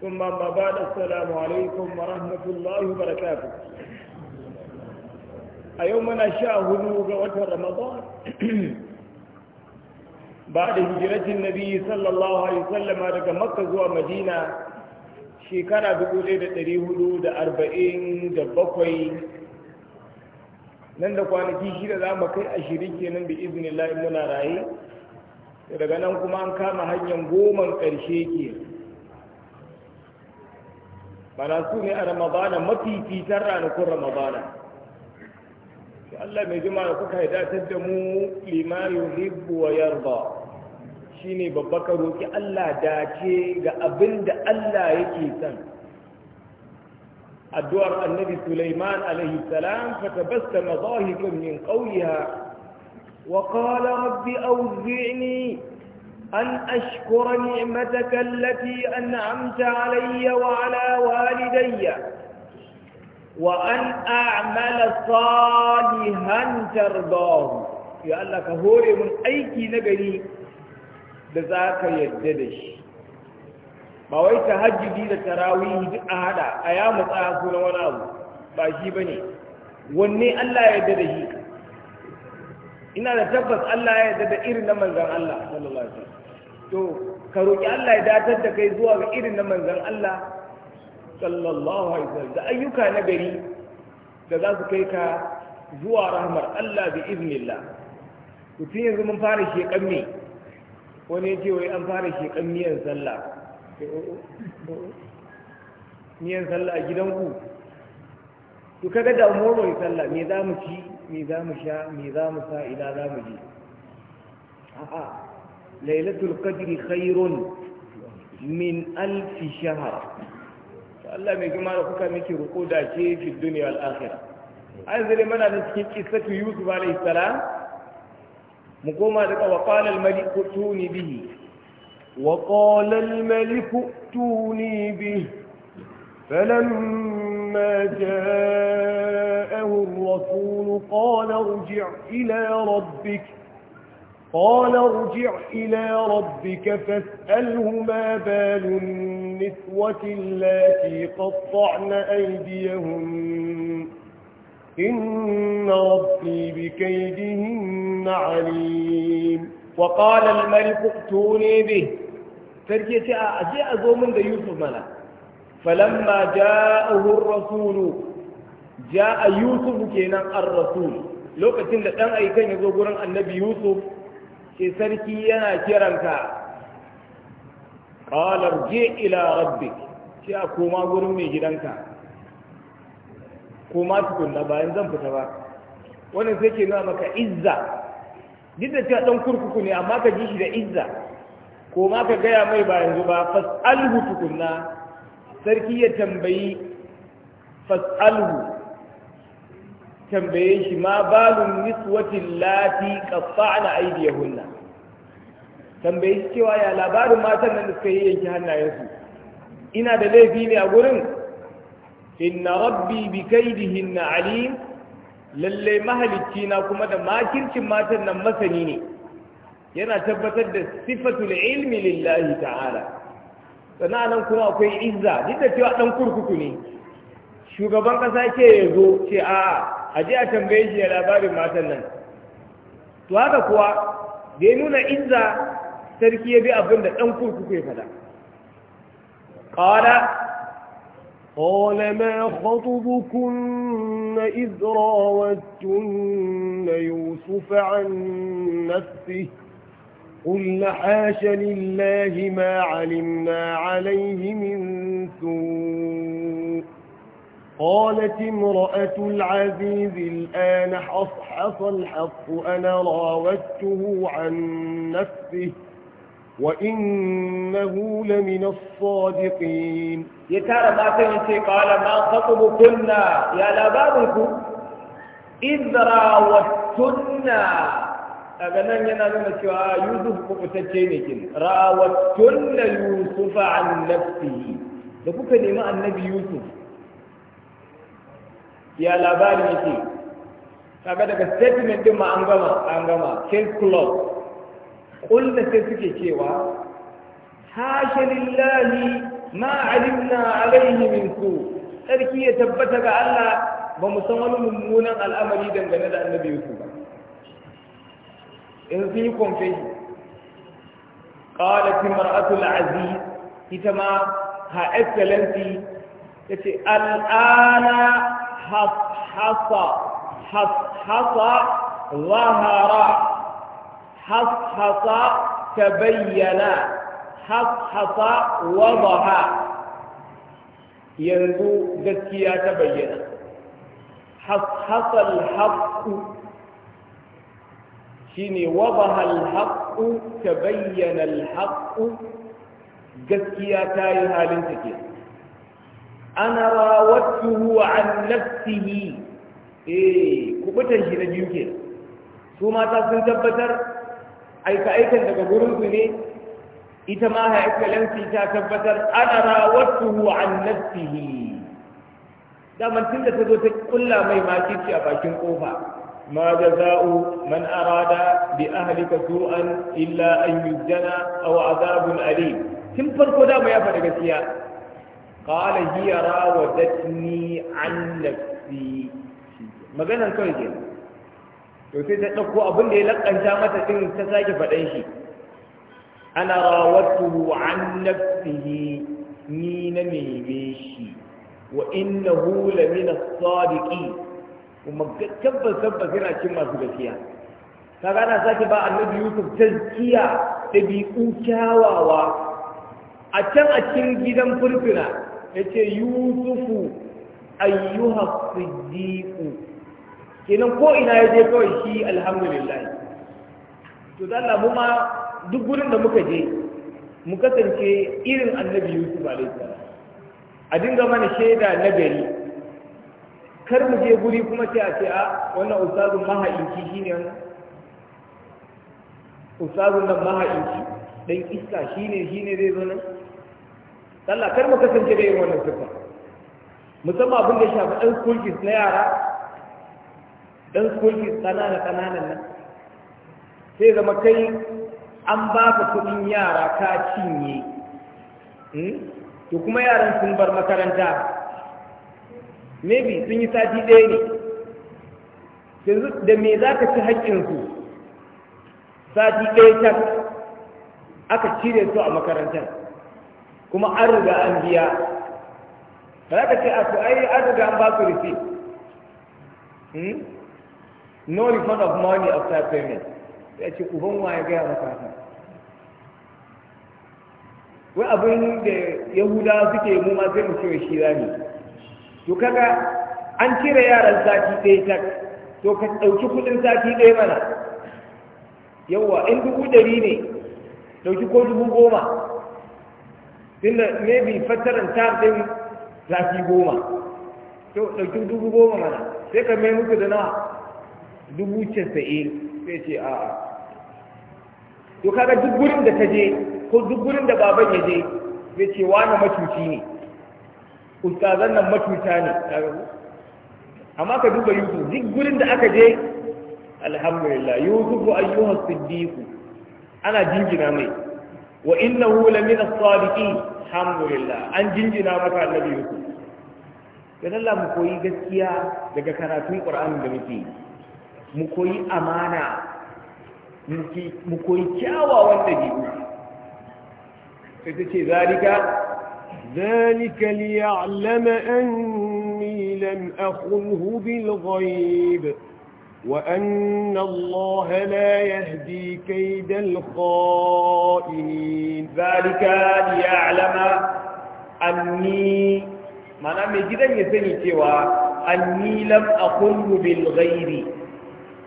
ثم ما بعد السلام عليكم ورحمة الله وبركاته أيومنا شاهد وقوة رمضان بعد هجرة النبي صلى الله عليه وسلم رقى مكة ومدينة شكرا بقول إذا تريه لود أربعين دا بقوي nan da kwanaki shida za mu kai ashirin kenan bi iznillahi muna raye daga nan kuma an kama hanyar goma ƙarshe kenan bana su ne a ramadana mafi fitar ranakun ramadana shi Allah mai jima da kuka hidatar da mu limayu yuhibbu wa yarda shine babba ka roƙi Allah dace ga abin da Allah yake son addu'ar annabi Sulaiman alaihi salam fatabassama dhahikan min qawliha wa ƙala rabbi awzi'ni أن أشكر نعمتك التي أنعمت علي وعلى والدي وأن أعمل ن صالحا ترضاه ي ا ل هو من أ ي بذاك يددش ما و ي ت ه ج د ي لتراويه هذا أ ي ا م ت أ ا ك ل وني أ ل ا يددش إ ن ا ل ت الله صلى الله عليه وسلم to ka roƙi Allah ya datar da kai zuwa ga irin na manzan Allah sallallahu alaihi wasallam da ayyuka na gari da za su kai ka zuwa rahmar Allah bi iznillah mutum yanzu mun fara shekan me wani ce wai an fara shekan miyan sallah oh, oh, oh, miyan sallah a gidanku to kaga damuwar mai sallah me za mu ci me za mu sha me za mu sa ina za mu je a'a ليلة القدر خير من ألف شهر فالله من جمال أخوك منك رقودة شيء في الدنيا والآخرة أنزل من نسكت قصة يوسف عليه السلام مقومة وقال الملك ائتوني به وقال الملك ائتوني به فلما جاءه الرسول قال ارجع إلى ربك قال ارجع إلى ربك فاسأله ما بال النسوة التي قطعن أيديهم إن ربي بكيدهن عليم وقال الملك ائتوني به فرجت أجيء أزو من يوسف ملا فلما جاءه الرسول جاء يوسف كينا الرسول لو كتن لأن أيكين يزو النبي يوسف ce sarki yana kiranka ƙalar je ila rabbi ce a koma gurin mai gidanka koma tukunna bayan zan fita ba wannan sai ke nuna maka izza duk da cewa ɗan kurkuku ne amma ka ji shi da izza koma ka gaya mai ba yanzu ba fas'alhu tukunna sarki ya tambayi fas'alhu tambaye shi ma balun niswatin lati qatta'na aydiyahunna tambaye shi cewa ya labarin matan nan da suka yi yanki hannayensu ina da laifi ne a gurin inna rabbi bi alim lalle mahalicci na kuma da makircin matan nan masani ne yana tabbatar da sifatul ilmi lillahi ta'ala nan kuma akwai izza duk da cewa dan kurkuku ne shugaban kasa ke yazo zo ce a'a aje a tambaye shi ya labarin matan nan to haka kuwa da ya nuna izza sarki ya bi abin da ɗan kurkuku ya faɗa ƙara قال ما خطبكن إذ راوتن يوسف عن نفسه قلن حاش لله ما علمنا عليه من سوء قالت امرأة العزيز الآن حصحص الحق أنا راودته عن نفسه وإنه لمن الصادقين يتارى ما تنسي قال ما خطب كنا يا لبابكم إذ راوتنا أبنى من نمسي آه، يوسف مقتشينك راوتنا يوسف عن نفسه لبك نماء النبي يوسف ya labarin yake kaga daga statement din ma an gama an gama kin club kullu sai suke cewa hasha lillahi ma alimna alaihi min su sarki ya tabbata ga Allah ba mu san wani mummunan al'amari dangane da annabi Yusuf ba in sun yi confession qalat imra'atu al'aziz ita ma ha excellency yace al'ana حص حصى حص ظهر حص تبين حص حصى وضح ينزو ذكيا تبين حص الحق شيني وضح الحق تبين الحق gaskiya تايها yi ana rawattuhu an nafsihi eh kubutan shi na biyu ke su mata sun tabbatar aika aikan daga gurin su ne ita ma ha ta tabbatar ana rawattuhu an nafsihi daman tun da ta zo ta kulla mai makici a bakin kofa ما جزاء من أراد بأهلك سوءا إلا أن يسجن أو عذاب أليم كم فرقو دا ما يفعل gaskiya qala hiya rawadatni an nafsi maganan kawai ke to sai ta dauko abin da ya lakanta mata din ta sake faɗan shi ana rawatuhu an nafsihi ni na neme shi wa innahu lamina sadiqi kuma tabbas tabbas yana cin masu gaskiya kaga ana sake ba annabi yusuf tazkiya da biƙu kyawawa a can a cikin gidan furfuna yace yusufu ayyuha siddiqu kenan ko ina ya je kawai shi alhamdulillah to Allah mu ma duk gurin da muka je mu kasance irin annabi yusuf alayhi salam a dinga mana shaida na gari kar mu je guri kuma sai a ce a wannan ustazun maha'inci shine wannan ustazun nan maha'inci dan iska shine shine zai zo nan Allah kar mu kasance da irin wannan sifa musamman abin da ya shafi ɗan school na yara ɗan school fees ƙanana ƙananan nan sai zama kai an ba ka kuɗin yara ka cinye hmm? to kuma yaran sun bar makaranta maybe sun yi sati ɗaya ne yanzu da me za ka ci haƙƙinsu sati ɗaya tak aka cire su a makarantar kuma an riga an biya ba za ka ce a ai an riga an ba su receipt hmm? no refund of money after payment ya ce uban wa ya gaya maka haka wai abin da yahuda suke mu ma sai mu ce shi za ne to kaga an cire yaran sati ɗaya tak to ka ɗauki kuɗin sati ɗaya mana yawwa in dubu ɗari ne ɗauki ko dubu goma tunda maybe fataran tar din zafi goma to ɗauki dubu goma mana sai ka mai muku da na dubu casa'in sai ce a'a to kaga duk gurin da ta je ko duk gurin da baban ya je zai ce wani macuci ne ustazan nan matuta ne amma ka duba yusuf duk gurin da aka je alhamdulillah Yusufu ayyuhas siddiqu ana jingina mai wa innahu lamina as-sadiqin alhamdulillah an jinjina maka annabi yusuf dan Allah mu koyi gaskiya daga karatun Qur'ani da muke mu koyi amana mu koyi kyawawan dabi'u sai ta ce zalika zalika liya'lama anni lam akhunhu bil ghaib وأن الله لا يهدي كيد الخائنين ذلك ليعلم أني ما نعمل جدا يسني سوى أني لم أقل بالغير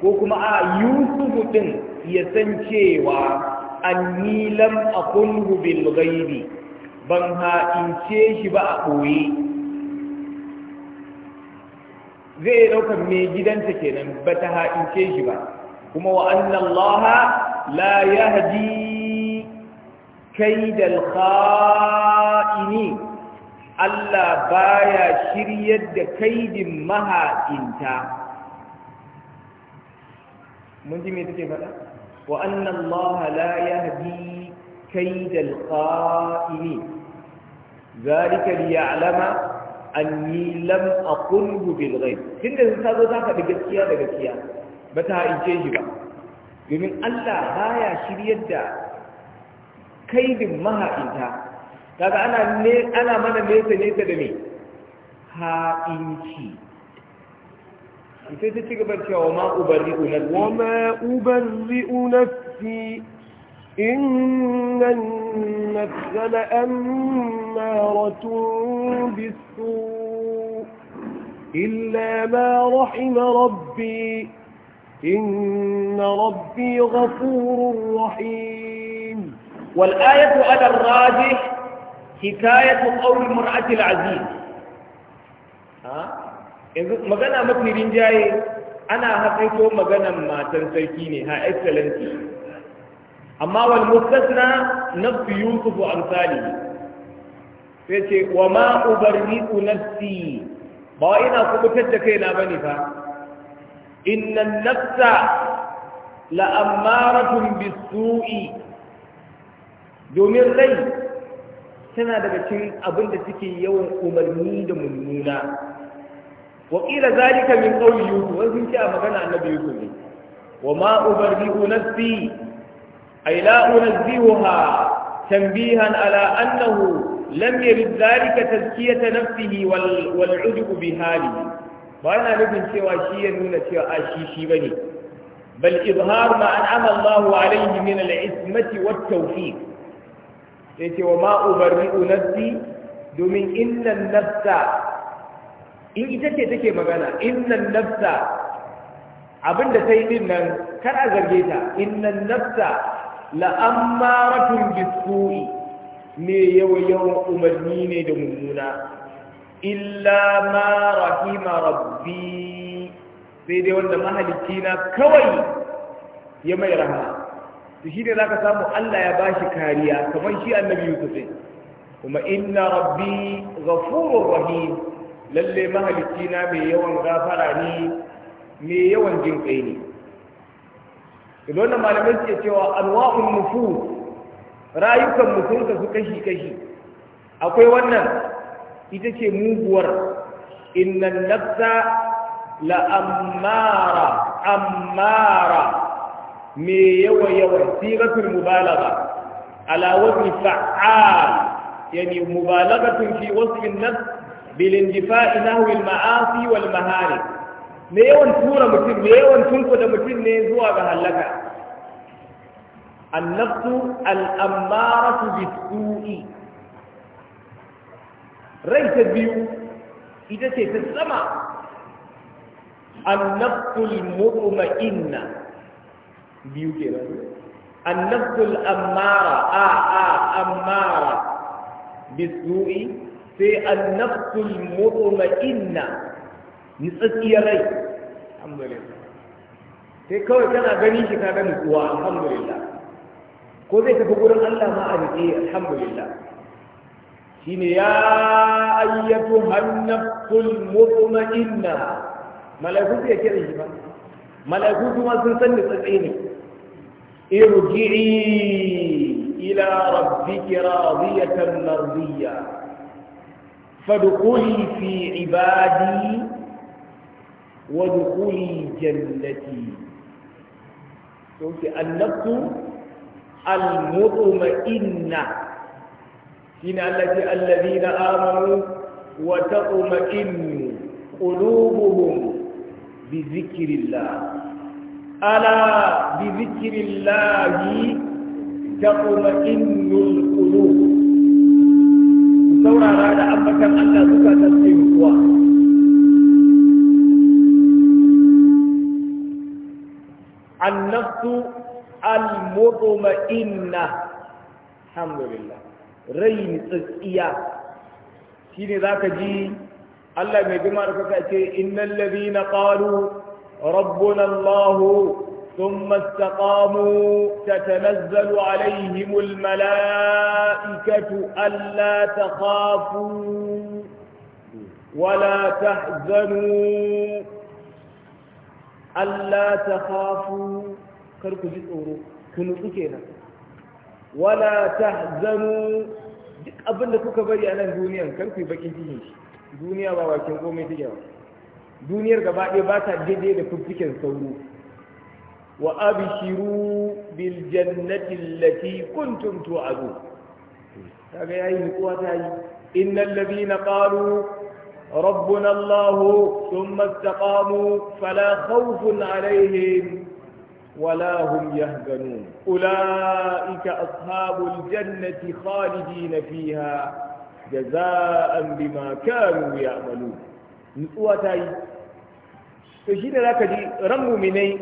وكما يوسف تن يسن سوى أني لم أقل بالغير بنها إن شيش بأقوي zai iya ɗaukar mai gidanta kenan ba ta ha'ince shi ba kuma wa annan laha la ya haji kai da Allah baya shiryar da kaidin maha'inta mun ji me take faɗa wa anna Allah la yahdi kaidal qa'imi zalika liya'lama anni lam aqulhu bil ghaib tunda ta zo ka faɗi gaskiya da gaskiya ba ta haice shi ba domin Allah baya shiryar da kaidin maha'inta kaga ana ne ana mana nesa nesa da me ha'inci sai ta ci gaba cewa ma ubarri'u nafsi wa ma ubarri'u nafsi إن النفس لأمارة بالسوء إلا ما رحم ربي إن ربي غفور رحيم والآية على الراجح حكاية قول المرأة العزيز magana mafi rinjaye ana haƙaito maganan matan ما تنسيكيني ها excellency amma wal mustasna nafsu yusuf amsali sai ce wa ma ubarri'u nafsi ba ina kubutar da kaina ba ne, fa inna nafsa la ammaratun bisu'i domin rai tana daga cikin abin da suke yawan umarni da mummuna wa kila zalika min qawli yusuf wasu ce a magana annabi yusuf ne wa ma ubarri'u nafsi أي لا أنزهها تنبيها على أنه لم يرد ذلك تزكية نفسه والعجب بهذه وأنا نبن سوى شيء نون سوى آشيشي بني بل إظهار ما أنعم الله عليه من العصمة والتوفيق يتي وما أبرئ نفسي domin innan nafsa in ita ce take magana innan nafsa abinda ta yi din nan kar a zarge ta innan nafsa la'ammaratun biskuri me yawa-yawan umarni ne da mummuna illa ma rahima rabbi sai dai wanda mahalicci na kawai ya mai rahama su shi ne za ka samu allah ya bashi kariya kamar shi annabi yusuf ne kuma inna rabbi ghafurur rahim lalle mahalicci na mai yawan gafara ne mai yawan jin kai ne Ilona malamai suke cewa anwa'un nufus rayukan mutum ka su kashi kashi akwai wannan ita ce muguwar innan nafsa la ammara ammara me yawa yawa sigatul mubalagha ala wazni fa'al yani mubalaghatun fi wasfi an-nafs bil indifa'i nahwi al-ma'asi wal maharib me yawan tura mutum me yawan tunkuda mutum ne zuwa ga halaka annafsu al'ammaratu bisu'i rai ta biyu ita ce ta sama annafsul mutma'inna biyu ke kenan annafsul ammara a a ammara bisu'i sai annafsul mutma'inna yi tsakiyar rai alhamdulillah sai kawai kana gani shi ka ga nutsuwa alhamdulillah ko zai tafi gurin Allah ma a rike alhamdulillah shine ya ayyatu hannaful mutma'inna malaiku ya kira shi ba malaiku kuma sun san da tsatsi ne irji'i ila rabbiki radiyatan mardiya fadkhuli fi ibadi وادخلي جنتي سوتي النفس المطمئنة إن التي الذين آمنوا وتطمئن قلوبهم بذكر الله ألا بذكر الله تطمئن القلوب saurara da أن لا تكون tasirwa النفس المطمئنة الحمد لله رين تسئية شيني ذاك جي الله ما جمع إن الذين قالوا ربنا الله ثم استقاموا تتنزل عليهم الملائكة ألا تخافوا ولا تحزنوا Allah ta hafu. Karku ji tsoro ku nutsu kenan wala tahzanu duk abin da kuka bari a nan duniyan kar ku yi bakin cikin shi duniya ba bakin komai take ba duniyar gaba ɗaya ba ta daidai da fiffiken sauro wa abishiru bil jannati allati kuntum tu'adu kaga yayi nutsuwa ta yi innal ladina qalu ربنا الله ثم استقاموا فلا خوف عليهم ولا هم يهزنون أولئك أصحاب الجنة خالدين فيها جزاء بما كانوا يعملون نسواتي فشين لك دي رم مني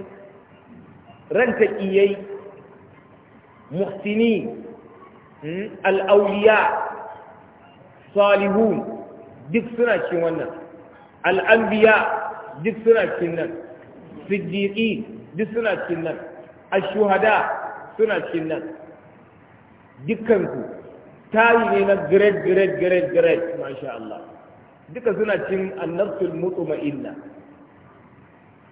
رنت إيي محسنين الأولياء صالحون duk suna cin wannan al'ambiya duk suna cin nan fidiki duk suna cin nan ashuhada suna cin nan dukkanku tayi ne na grade grade grade grade masha Allah duka suna cikin annabtul ma'ina.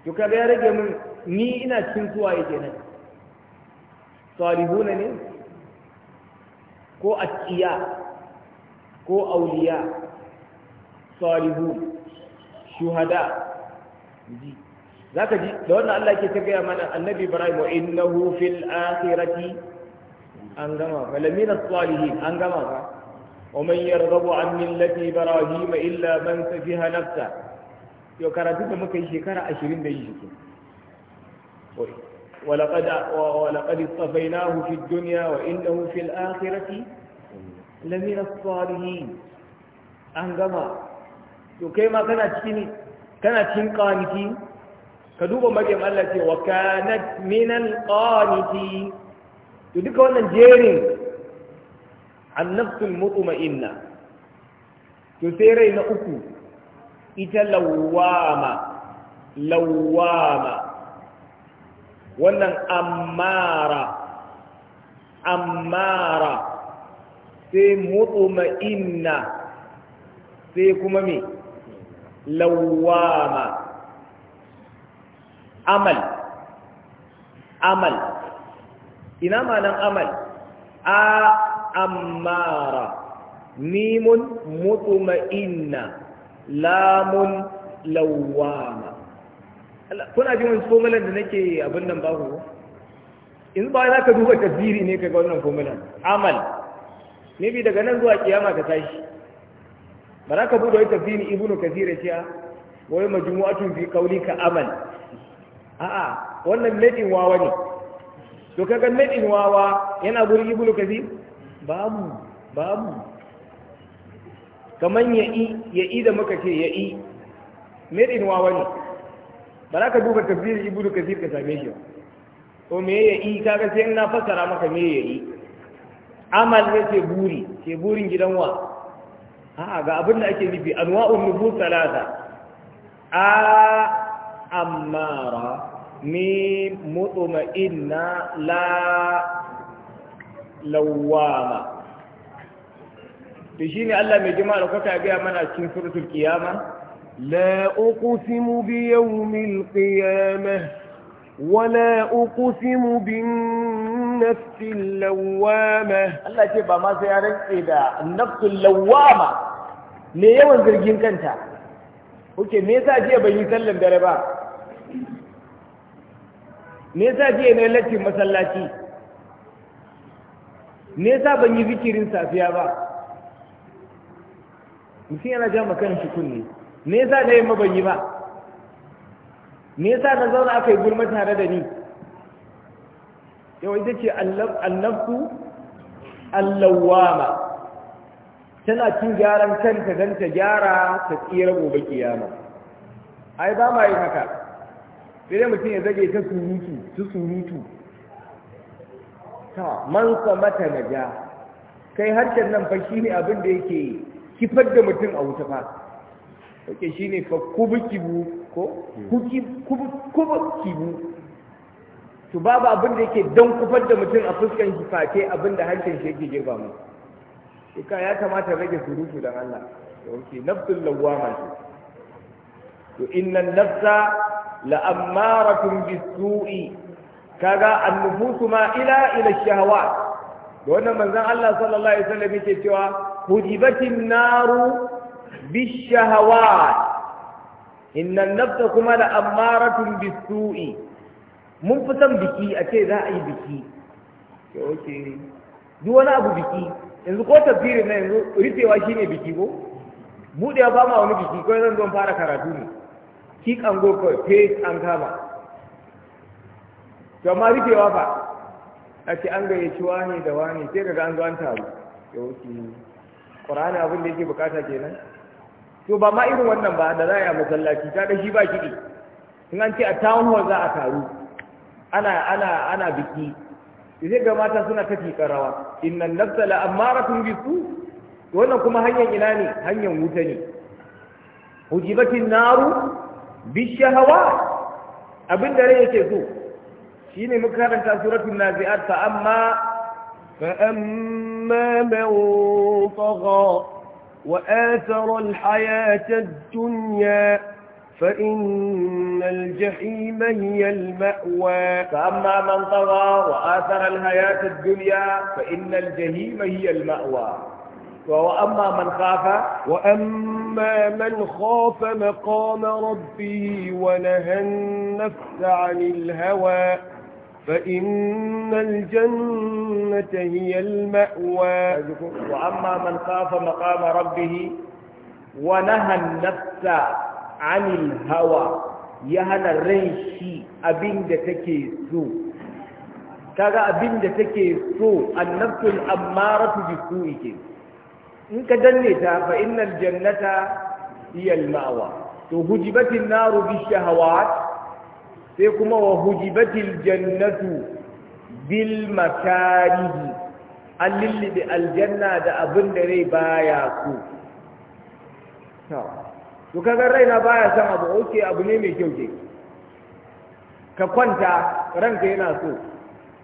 to kaga ya rage mun ni ina cin suwa yake nan salihuna ne ko atiya ko auliya salihun shuhada za ka ji da wannan Allah ke ta gaya mana annabi Ibrahim wa innahu fil akhirati an gama fa lamina salihin an gama fa wa man yarghabu an millati Ibrahim illa man safiha nafsa yau karatu da muka yi shekara 20 da yi shi ولقد ولقد اصطفيناه في الدنيا وانه في الاخره لمن الصالحين an gama to kai ma kana cikin kana cikin qaniti ka duba maryam Allah ce wa kanat min al-qaniti to duka wannan jerin annafsul mutma'inna to sai rai na uku ita lawwama lawwama wannan ammara ammara sai mutma'inna sai kuma me lawama amal amal ina malan amal a ammara mimun mutuma'inna lamun lawama kuna ji wani formulan da nake abin nan babu in ba za ka duba tasiri ne ka ga wannan formulan amal ne bi daga nan zuwa kiyama ka tashi ba za ka buɗe fi ni ibnu kathir ya ce ah, wai majmu'atun fi qawlika amal a'a wannan nadin wawa ne to kaga nadin wawa yana gurin ibnu kathir babu babu kaman ya yi da muka ce yi nadin wawa ne ba za ka duba tafsirin ibnu kathir ka same shi ba to me ya yi kaga sai na fasara maka me ya yi amal ne ce buri ce burin gidan wa a ga abin da ake nufi anwa'un nufus talata a ammara mi mutuma'inna la lawama to shine Allah mai jima'a da kwata ga mana cikin suratul qiyama لا أقسم بيوم القيامة ولا أقسم بالنسبة nafsin lawama Allah ce ba ma sai ya rantse da nafsin lawama me yawan zargin kanta oke me yasa jiya ban yi sallan dare ba me yasa jiya na lattin masallaci me yasa ban yi zikirin safiya ba mutum yana ja makan shi kunne me yasa na yamma ban yi ba me yasa na zauna aka yi gulma tare da ni yau ita ce annabtu allawama tana cin gyaran kanta don ta gyara ta tsira gobe kiyama ai ba ma yi haka sai dai mutum ya zage ta surutu ta surutu ta man na ja kai harshen nan fa shine abin da yake kifar da mutum a wuta fa yake shine fa hmm. kubu kibu ko kubu to babu abin da yake don kufar da mutum a fuskan shi face abin da harshen shi yake girba mu ika ya kamata rage surutu don Allah da wuce nafsul lawwama ce to inna nafsa la ammaratun bisu'i kaga annufusu ma ila ila shahawat da wannan manzon Allah sallallahu alaihi wasallam yake cewa hujibatin naru bishahawat inna nafsa kuma la ammaratun bisu'i mun fi son biki a ce za a yi biki ke oke duk wani abu biki yanzu ko tafiri na yanzu rufewa shi ne biki ko Buɗe ya fama wani biki kawai zan zon fara karatu ne ki kango kawai ke an kama to amma rufewa ba a ce an gayyaci wani da wani sai daga an zo an taru ke oke ƙur'ani abin da yake bukata kenan to ba ma irin wannan ba da za a yi a masallaci ta da shi ba kiɗi in an ce a town hall za a taru ana ana ana biki sai ga mata suna kafi karawa innan nafsa la amaratun bisu wannan kuma hanyar ina ne hanyar wuta ne hujibatin naru bishahawa abin da rai yake so shine muka karanta suratul nazi'at fa amma fa amma man tagha wa athara al-hayata ad-dunya فإن الجحيم هي المأوى فأما من طغى وآثر الحياة الدنيا فإن الجحيم هي المأوى وأما من خاف وأما من خاف مقام ربه ونهى النفس عن الهوى فإن الجنة هي المأوى وأما من خاف مقام ربه ونهى النفس anil hawa ya hana ran shi abin da take so kaga abin da take so annabtul ammaratu bisu'i in ka danne ta fa innal jannata hiya al-ma'wa to hujibatin naru bishahawat sai kuma wa hujibatil jannatu bil makarihi an al aljanna da abin da rai baya so to kaga raina baya son abu oke abu ne mai kyau ke ka kwanta ranka yana so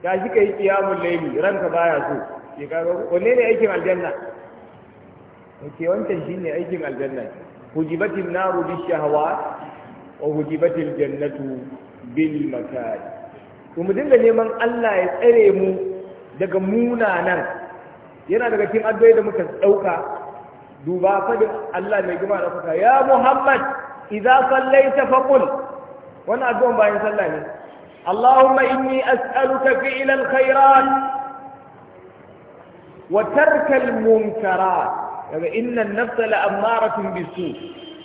ya shi ka yi kiyamun laili ranka baya so ke kaga wanne ne aikin aljanna ke wancan ne aikin aljanna hujibatin naru bi shahawa wa hujibatin jannatu bil makari to mu dinga neman Allah ya tsare mu daga munanan yana daga cikin addu'o'i da muka dauka duba ka ji Allah mai gima da suka ya Muhammad idza sallaita faqul wannan addu'an اللهم إني أسألك فعل الخيرات وترك المنكرات يعني إن النفس لأمارة بالسوء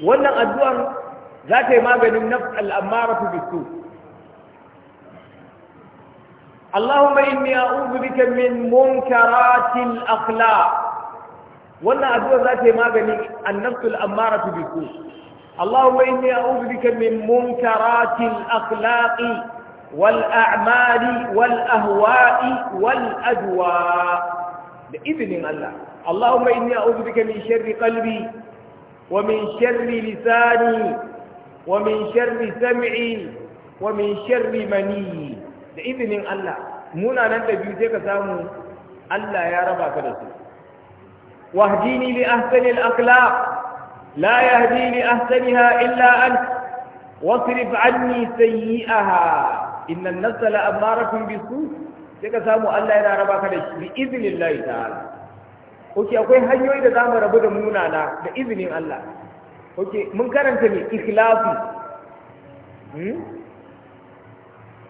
وانا الدعاء ذات ما بين النفس الأمارة بالسوء اللهم إني أعوذ بك من منكرات الأخلاق wannan addu'a za ta yi magani annabtul ammaratu bisu Allahumma inni a'udhu bika min munkaratil akhlaqi wal a'mali wal ahwa'i wal adwa da izinin Allah Allahumma inni a'udhu bika min sharri qalbi wa min sharri lisani wa min sharri sam'i wa min sharri mani da izinin Allah nan da biyu sai ka samu Allah ya raba ka da su واهديني لأحسن الأخلاق لا يهدي لأحسنها إلا أنت واصرف عني سيئها إن النفس لأمارة بالسوء sai samu Allah yana raba ka da shi bi izinin Allah ta'ala oke akwai hanyoyi da zamu rabu da munana da izinin Allah oke mun karanta ne ikhlasi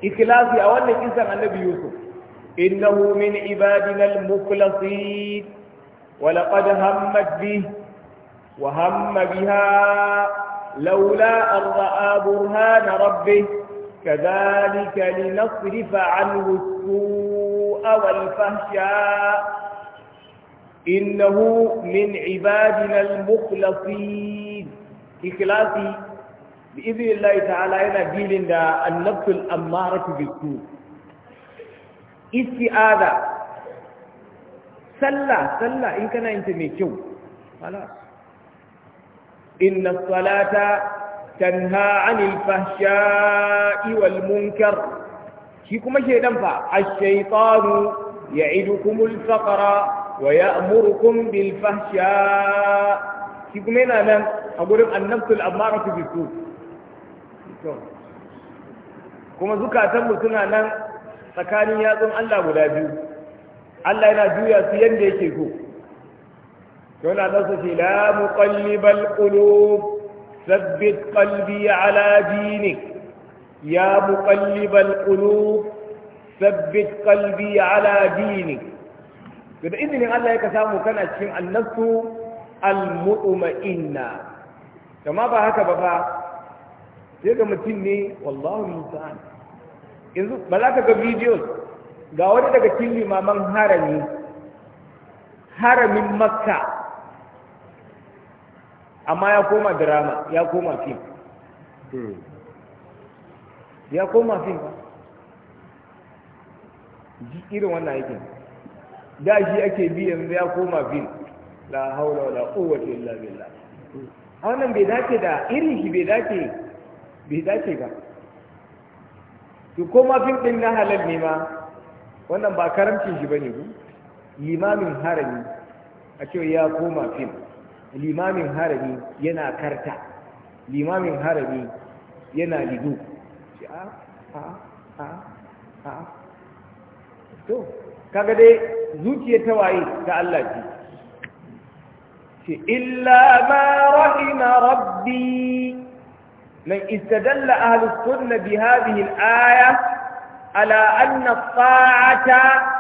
ikhlasi a wannan kisan Annabi Yusuf innahu min ibadina al-mukhlasin ولقد همت به وهم بها لولا أن رأى برهان ربه كذلك لنصرف عنه السوء والفهشاء إنه من عبادنا المخلصين إخلاصي بإذن الله تعالى هنا جيل النفس الأمارة بالسوء استئاذة sallah sallah in kana yin mai kyau halas inna salata tanha anil fahsha'i munkar shi kuma ke dan fa ash-shaytanu ya'idukum al faqra wa ya'murukum bil fahsha shi kuma yana nan a gurin annabtu al amaratu bi kuma zukatan mu suna nan tsakanin yatsun Allah guda biyu Allah yana juya su yadda yake so yana nasa ce la muqallibal qulub sabbit qalbi ala dinik ya muqallibal qulub sabbit qalbi ala dinik da izinin Allah ya ka samu kana cikin annasu al-mu'minna kama ba haka ba fa sai ga mutum ne wallahu musta'an yanzu ba za ka ga videos ga wani daga cikin limaman harami haramin makka amma ya koma drama ya koma fim hmm. ya koma fim ba irin wannan aikin da shi ake bi yanzu ya koma fim la haula wala quwwata illa billah a wannan bai dace da irin shi bai dace bai dace ba to koma fim din na halal ne ma wannan ba karamcin shi bane ku limamin harami a ce ya koma fim limamin harami yana karta limamin harami yana lido ce a a a a to kaga dai zuciyar waye ta Allah ce ce illa ma rahima rabbi من استدل أهل السنة بهذه الآية على أن الطاعة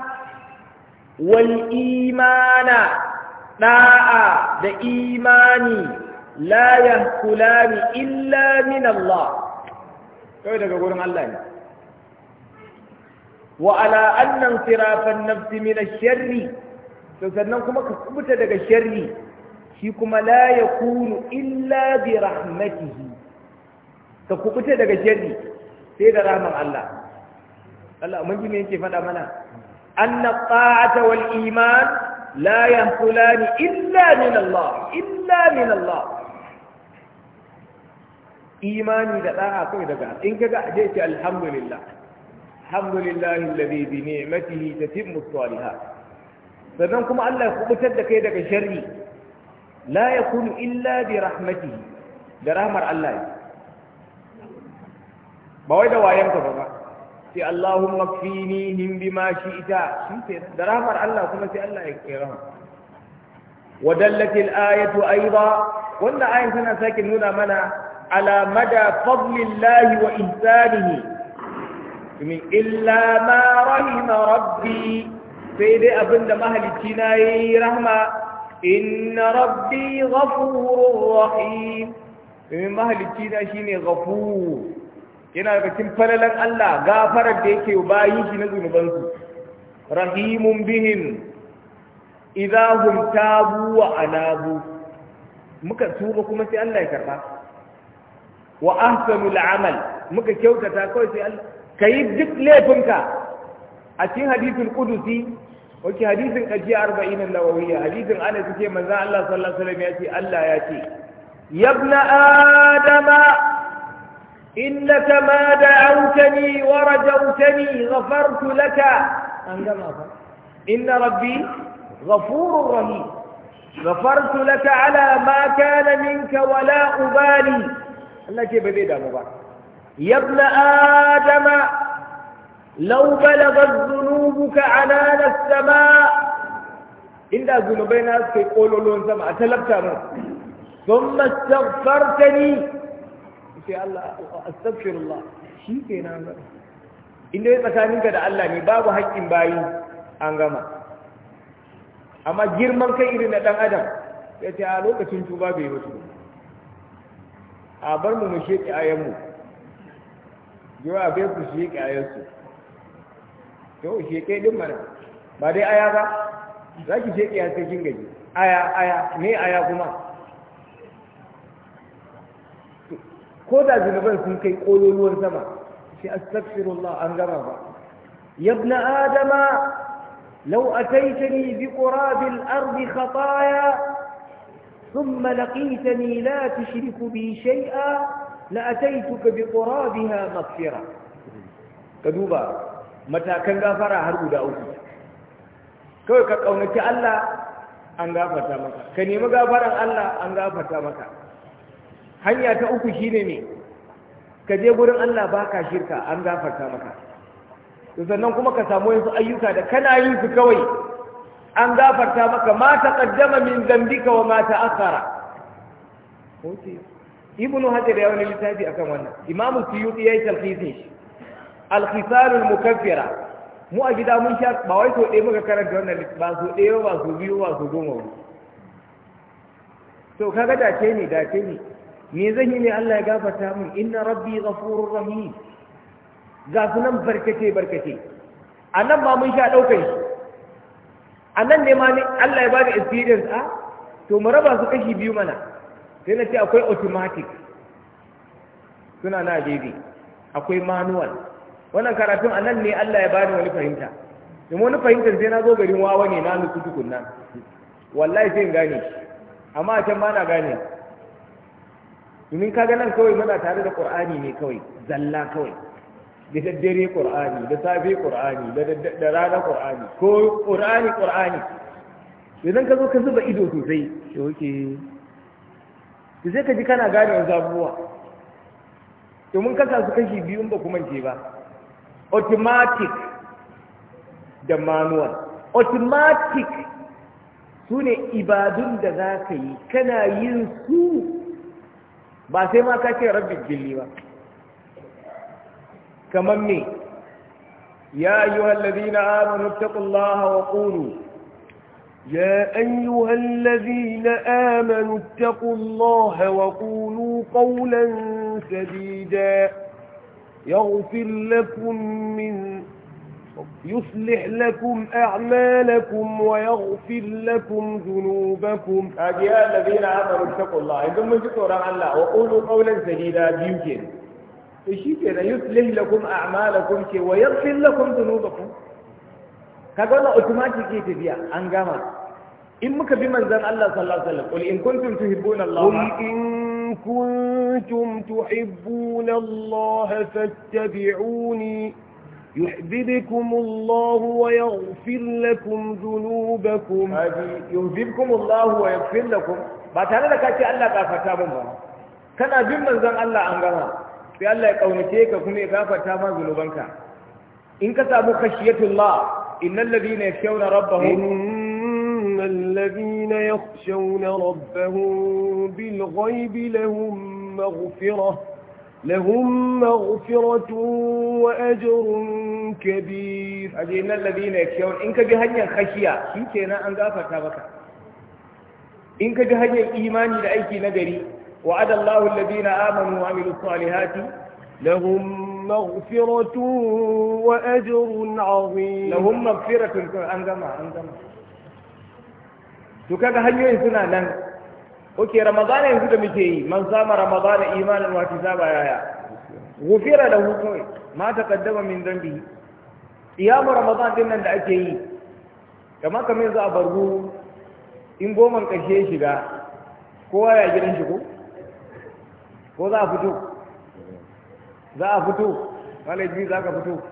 والإيمان طاعة بإيمان لا يهكلان إلا من الله كيف تقولون الله وعلى أن انصراف النفس من الشر تسننكم كسبت دقى الشر شيكم لا يكون إلا برحمته كسبت دقى الشر سيد رحمة الله Allah mun ji me yake faɗa mana anna ta'ata wal iman la yanqulani illa min Allah illa min Allah imani da da'a kai daga in kaga aje ce alhamdulillah alhamdulillah alladhi bi ni'matihi tatimmu as-salihat sannan kuma Allah ya kubutar da kai daga sharri la yakunu illa bi rahmatihi da rahmar Allah ba wai da wayan ba ba ce Allahumma kfinihim bima ma shi da rahmar Allah kuma sai Allah ya kira wa dallatil ayatu aiba wanda ayin tana sake nuna mana ala mada wa ihsanihi illa ma rahima rabbi sai dai abinda mahalicci na yi rahma inna rabbi ghafurur rahim domin mahalicci na shine ghafur yana da cikin falalan Allah gafarar da yake bayi shi na zunubansu rahimun bihin idza hum tabu wa anabu muka tuba kuma sai Allah ya karba wa ahsanul amal muka kyautata kawai sai Allah kai duk laifinka a cikin hadithul qudusi wace hadithin ajiya arba'in an-nawawiyya hadithin Anas ce manzo Allah sallallahu alaihi wasallam ya ce Allah ya ce yabna adama إنك ما دعوتني ورجوتني غفرت لك إن ربي غفور رحيم غفرت لك على ما كان منك ولا أبالي الله كيف بدأ مبارك يا ابن آدم لو بلغت ذنوبك عنان السماء إن zunubai na suka yi ƙololuwan sama a talabta sai Allah astaghfirullah shi ke nan gama inda ya tsakaninka da Allah ne babu haƙƙin bayi an gama amma girman kai irin na ɗan adam ya ce a lokacin tuba bai wasu a bar mu mu sheƙi ayanmu yau a bai ku sheƙi Yau to sheƙe din mana ba dai aya ba za ki sheƙi a cikin gaji aya aya ne aya kuma ko da zunuban sun kai kololuwar sama shi astaghfirullah an gama ba yabna adama law ataitani bi qurabil ardi khataya ثم لقيتني لا تشرك بي شيئا لأتيتك بقرابها مغفرة كدوبا متى كان غفر هرب داود كوي كقونك الله أن غفرت مكا كنيم غفر الله أن غفرت مكا hanya ta uku shine ne ka je gurin Allah baka shirka an gafarta maka sannan kuma ka samu yansu ayyuka da kana yin su kawai an gafarta maka ma taqaddama min dhanbika wa ma ta'akhkhara ibn hajar ya wani littafi akan wannan imam suyuti yayi talhisin shi al-khisal al-mukaffira mu a gida mun sha ba wai so ɗaya muka karanta wannan ba so ɗaya ba so biyu ba so goma ba to kaga dace ne dace ne me zan yi ne Allah ya gafarta min inna rabbi ghafurur rahim ga sunan barkace barkace anan ba mun sha daukar shi anan ne ma ne Allah ya bada experience a ah, to mu raba su kashi biyu mana sai na ce akwai automatic suna na daidai akwai manual wannan karatun anan ne Allah ya bada wani fahimta domin wani fahimtar sai na zo garin wawa ne na nutsu tukunna wallahi sai in gane amma a can ba na gane domin kaga nan kawai muna tare da qur'ani ne kawai zalla kawai da daddare qur'ani da safe qur'ani da rana qur'ani ko qur'ani qur'ani idan ka zo ka zuba ido sosai to ke to sai ka ji kana gane wanzu abubuwa to mun kasa su kashi biyu ba kuma ce ba automatic da manual automatic su ne ibadun da za ka yi kana yin su ba sai ma ka ce rabbi jilli ba kamar me ya ayyuha alladhina amanu taqullaha wa qulu ya ayyuha alladhina amanu taqullaha wa qulu qawlan sadida yaghfir lakum min يصلح لكم أعمالكم ويغفر لكم ذنوبكم أجياء الذين آمنوا اتقوا الله إذن من شكرا الله وقولوا قولا سديدا يمكن شيء يصلح لكم أعمالكم ويغفر لكم ذنوبكم هذا الله أوتوماتيكي تبيع أنجاما إن مكبي من الله صلى الله عليه وسلم قل إن كنتم تحبون الله قل إن كنتم تحبون الله فاتبعوني يحببكم الله ويغفر لكم ذنوبكم يحببكم الله ويغفر لكم باتانا دا كاتي الله غفرتا بن بان كانا بين منزان الله ان في الله يقاونكي كا كوني غفرتا ما ذنوبك ان كسبوا خشيه الله ان الذين يخشون ربهم ان الذين يخشون ربهم بالغيب لهم مغفره لهم مغفرة وأجر كبير أجينا الذين يكشون إنك جهنيا خشية شي كينا أن غافرت بك إنك جهنيا إيماني لأيك نجري وعد الله الذين آمنوا وعملوا الصالحات لهم مغفرة وأجر عظيم لهم مغفرة أنزمها أنزمها تكاد هنيا سنة لن oke ramadana yanzu da muke yi man sama ramadana imanin wa tisaba yaya gufira da hu ma ma kaddama min dhanbi iyamu ramadana din nan da ake yi kamar kamar yanzu a bargu in goman ƙarshe shiga kowa ya gidan shi ko ko za a fito za a fito malaji za ka fito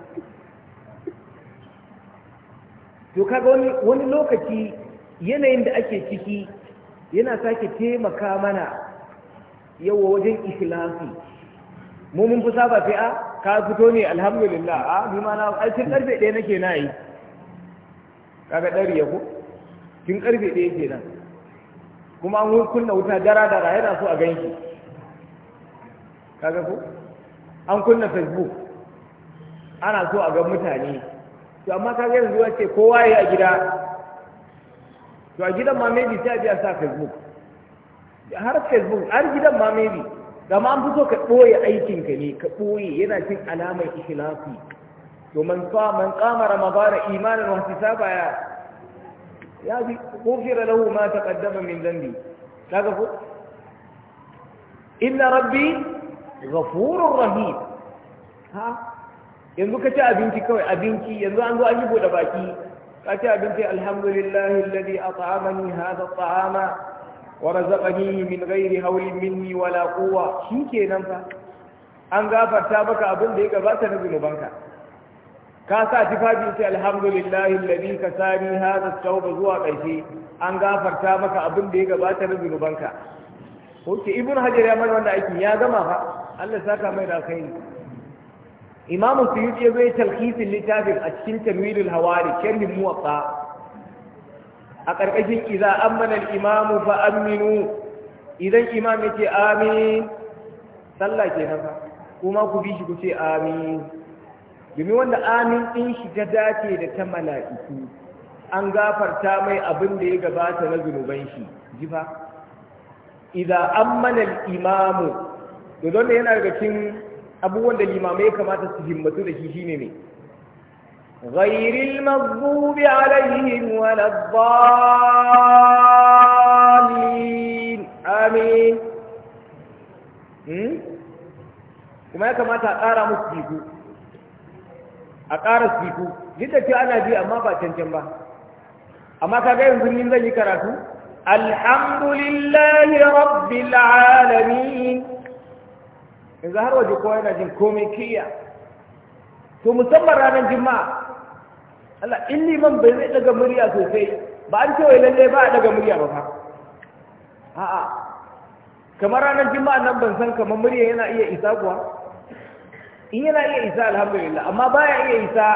to kaga wani lokaci yanayin da ake ciki yana sake taimaka mana yawa wajen ikhlasi mu mun fi saba fi a ka fito ne alhamdulillah a ni ma na aikin karfe ɗaya nake na yi kaga ɗari ya ko kin karfe ɗaya nan kuma an kunna wuta dara dara yana so a ganki kaga ko an kunna facebook ana so a ga mutane to amma kaga yanzu ce kowa ya a gida to a gidan ma maybe sai a biya sa facebook har facebook har gidan ma maybe gama an fito ka ɓoye aikinka ne ka ɓoye yana cin alamar ikhlasi to man sa man qama ramadana imanan wa hisaba ya ya bi ghufira lahu ma taqaddama min dhanbi kaga ko inna rabbi ghafurur rahim ha yanzu ka ci abinci kawai abinci yanzu an zo an yi bude baki أتى بنتي الحمد لله الذي أطعمني هذا الطعام ورزقني من غير هول مني ولا قوة شيكي نمفا an gafarta maka abin da ya gabata na zunubanka ka sa tufafi sai alhamdulillahi alladhi kasani hadha tauba zuwa ƙarshe an gafarta maka abin da ya gabata na zunubanka ko ki ibn hajar ya mana wannan aiki ya gama fa Allah saka mai da imamu suyuti ya zai talhisin littafin a cikin tamwilul hawari sharhin muwaffa a ƙarƙashin iza ammana al-imamu fa aminu idan imam ce amin sallah kenan fa kuma ku bi shi ku ce amin domin wanda amin din shi ta dace da ta mala'iku an gafarta mai abin da ya gabata na zunuban shi jifa idan ammana al-imamu da don yana daga cikin abubuwan da limamai ya kamata su himmatu da shi shine ne ghairil maghdubi alaihim waladdallin amin hmm? kuma ya kamata a ƙara musu jiku, a ƙara jiku, duk da cewa ana bi amma ba cancan ba amma kaga yanzu ni zan yi karatu alhamdulillahi rabbil alamin yanzu har waje kowa yana jin komai kiyya to musamman ranar juma'a Allah in liman bai zai daga murya sosai ba an cewa lalle ba a daga murya ba fa a'a kamar ranar juma'a nan ban san kamar murya yana iya isa kuwa in yana iya isa alhamdulillah amma baya iya isa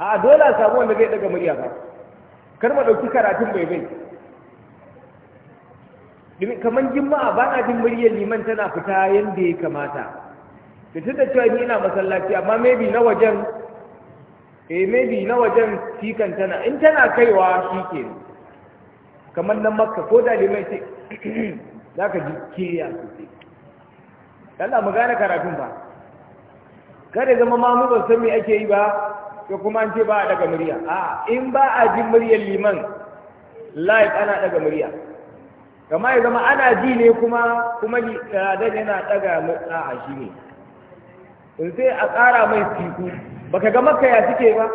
a dole a samu wanda zai daga murya ba kar ma dauki karatun bai bai domin kaman jima'a ba na jin muryar liman tana fita yadda ya kamata da tun da cewa ni ina masallaci amma maybe na wajen eh maybe na wajen sikan tana in tana kaiwa shi ke kamar nan makka ko da liman ce za ka ji kiriya sosai Allah mu gane karatun ba kada zama ma mu ban san me ake yi ba ko kuma an ce ba a daga murya a in ba a jin muryar liman live ana daga murya kama ya zama ana ji ne kuma kuma eh, dan yana daga mutsa a shi ne in sai a kara mai siku baka ga maka ya suke ba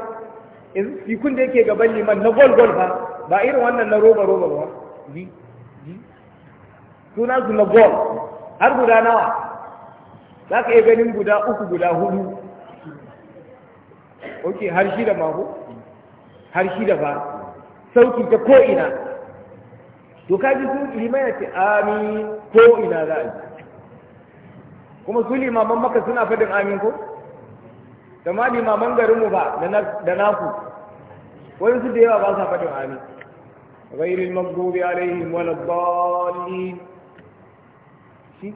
in sikun da yake gaban liman na gol gol ba ba irin wannan na roba roba ba ji ji suna su na gol har guda nawa za ka iya ganin guda uku guda hudu ok har shi da mako har shi da ba sauki ta ko'ina to ka ji su ilimai ya ce amin ko ina za a yi kuma su limaman maka suna fadin amin ko da ma limaman garinmu ba da naku wani su da yawa ba sa fadin amin غير المغضوب عليهم ولا الضالين شي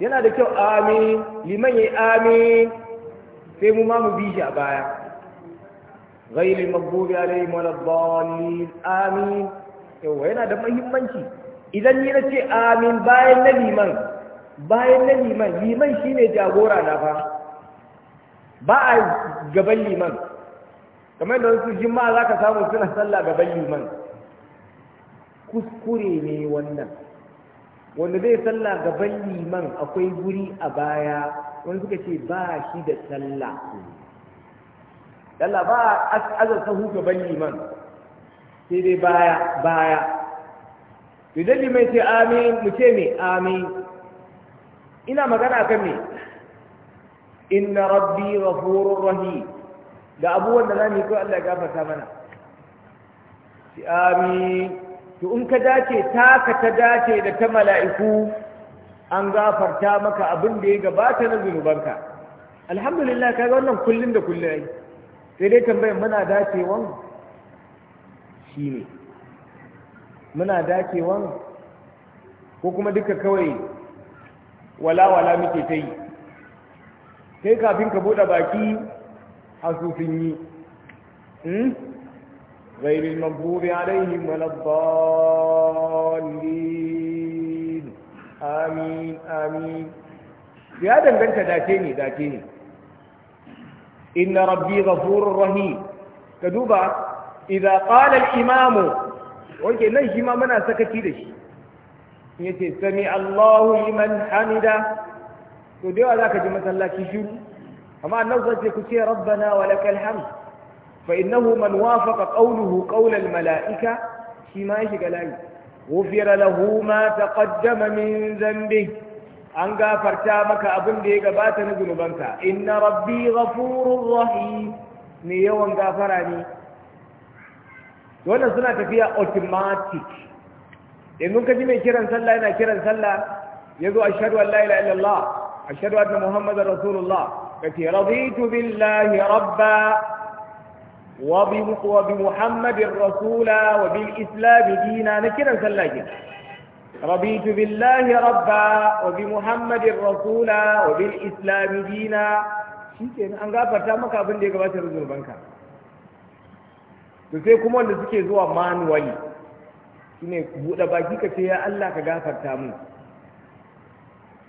yana da kyau amin liman yayi amin sai mu ma mu bi shi غير المغضوب عليهم ولا الضالين amin wa yana da mahimmanci idan ni na ce amin bayan na liman bayan na liman liman ne jagora na ba, ba a gaban liman kamar da wasu jima za ka samu suna sallah gaban liman kuskure ne wannan wanda zai sallah gaban liman akwai guri a baya wani suka ce ba shi da sallah sallah ba a azar sahu gaban liman sai dai baya baya idan mai ce amin mu ce me amin ina magana kan me inna rabbi ghafurur rahim da abubuwan da za mu yi kawai Allah ya gafarta mana ci amin to in ka dace taka ta dace da ta mala'iku an gafarta maka abin da ya gabata na zunubanka alhamdulillah ka ga wannan kullum da kullum. sai dai tambayar muna dacewan shi ne muna dakewan ko kuma duka kawai wala-wala muke ta yi kai kafin ka bude baki a sufin yi zairin hmm? mabubi alaihim malabbalin amin amin ya danganta dace ne dace ne inna rabbi ghafurur rahim ka duba idza qala al-imamu wanke nan shi ma muna sakaci da shi yace sami Allahu liman hamida to da yawa zaka ji masallaci shiru amma annabi sai ku ce rabbana wa lakal hamd fa innahu man wafaqa qawluhu al malaika shi ma ya shiga layi ghufira lahu ma taqaddama min dhanbi an gafarta maka abin da ya gabata na zunubanka inna rabbi ghafurur rahim me yawan gafara ne wannan suna tafiya automatic yanzu ka ji mai kiran sallah yana kiran sallah ya zo ashhadu an la ilaha illallah ashhadu anna muhammadar rasulullah kace raditu billahi rabba wa bi wa bi muhammadir rasula wa bil islam dina na kiran sallah ke raditu billahi rabba wa bi muhammadir rasula wa bil islam dina shikenan an gafarta maka abin da ya gabata da zurbanka to sai kuma wanda suke zuwa manuwali shine buɗe baki ka ce ya Allah ka gafarta mu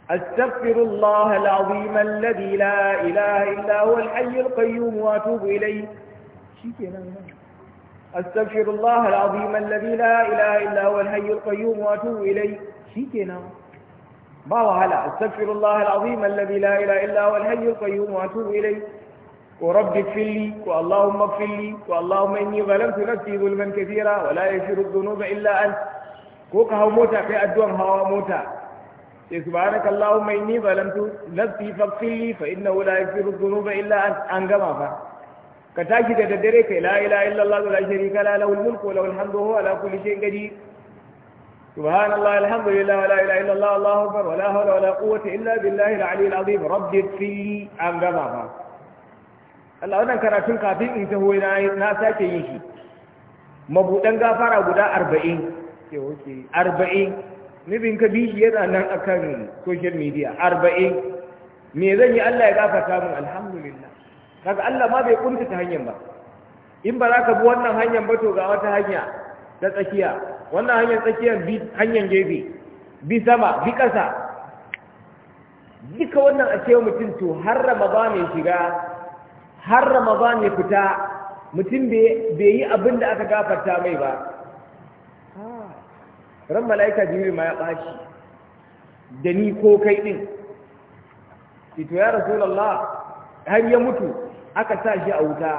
أستغفر الله العظيم الذي لا إله إلا هو الحي القيوم وأتوب إليه أستغفر الله العظيم الذي لا إله إلا هو الحي القيوم وأتوب إليه ما وهلا أستغفر الله العظيم الذي لا إله إلا هو الحي القيوم وأتوب إليه ورب اغفر لي واللهم اغفر لي واللهم اني ظلمت نفسي ظلما كثيرا ولا يغفر الذنوب الا انت كوكا هو موتا في ادوان هو موتا إيه، سبحانك اللهم اني ظلمت نفسي فاغفر لي فانه لا يغفر الذنوب الا انت ان كما كتاكي تدري لا اله الا الله لا شريك له له الملك وله الحمد وهو على كل شيء قدير سبحان الله الحمد لله ولا اله الا الله الله اكبر ولا حول ولا قوه الا بالله العلي العظيم رب اغفر لي انجما فا Allah wannan karatun kafin in taho na sake yin shi mabudan gafara guda arba'in ke wuce arba'in nufin ka bi shi yana nan akan social media arba'in me zan yi Allah ya gafarta min alhamdulillah kaga Allah ma bai kunta ta hanyar ba in ba za ka bi wannan hanyar ba to ga wata hanya ta tsakiya wannan hanyar tsakiyar bi hanyar gefe bi sama bi ƙasa duka wannan a cewa mutum to har ramadan ya shiga har ramadan ya fita mutum bai yi abin da aka gafarta mai ba ran mala'ika jimiri ma ya ɓashi da ni ko kai ɗin ito ya rasulallah har ya mutu aka sa shi a wuta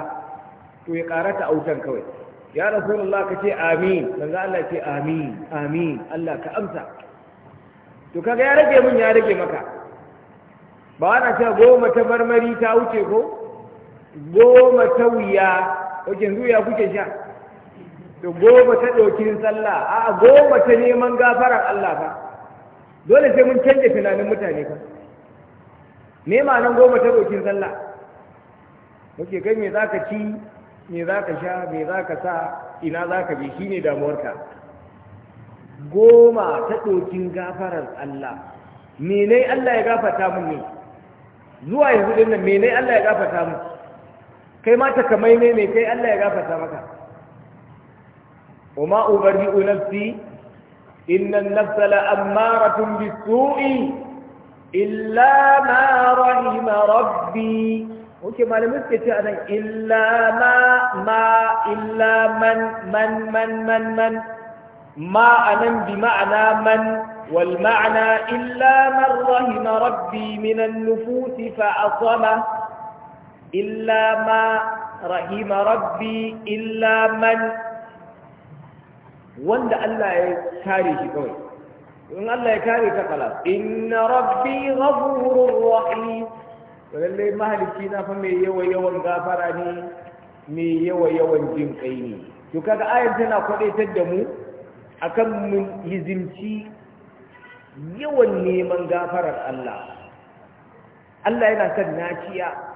to ya ƙarata a wutan kawai ya rasulullah ka ce amin manzo Allah ce amin amin Allah ka amsa to kaga ya rage mun ya rage maka ba wana cewa goma ta marmari ta wuce ko goma ta wuya ɗaukin zuya kuke sha to goma ta ɗaukin sallah a goma ta neman gafarar Allah fa dole sai mun canje tunanin mutane fa nema nan goma ta ɗaukin sallah muke kai me za ka ci me za ka sha me za ka sa ina za ka bi shi ne damuwarka goma ta ɗokin gafarar Allah menai Allah ya gafata mun ne zuwa yanzu ɗin nan menai Allah ya gafata mun kai ma ne mai kai Allah ya gafarta maka وما أبرئ نفسي إن النفس لأمارة بالسوء إلا ما رحم ربي oke malamai suke ce a nan illa ma ma illa man man man man man ma a nan bi ma'ana man wal illa man rahima rabbi minan nufusi fa illa ma rahima rabbi illa man wanda Allah ya kare shi kawai in Allah ya kare ka kala inna rabbi ghafurur rahim lalle mahalicci na fa mai yawa yawan gafara ne mai yawa yawan jin kai ne to kaga ayar tana kwadaitar da mu akan mun hizimci yawan neman gafarar Allah Allah yana son naciya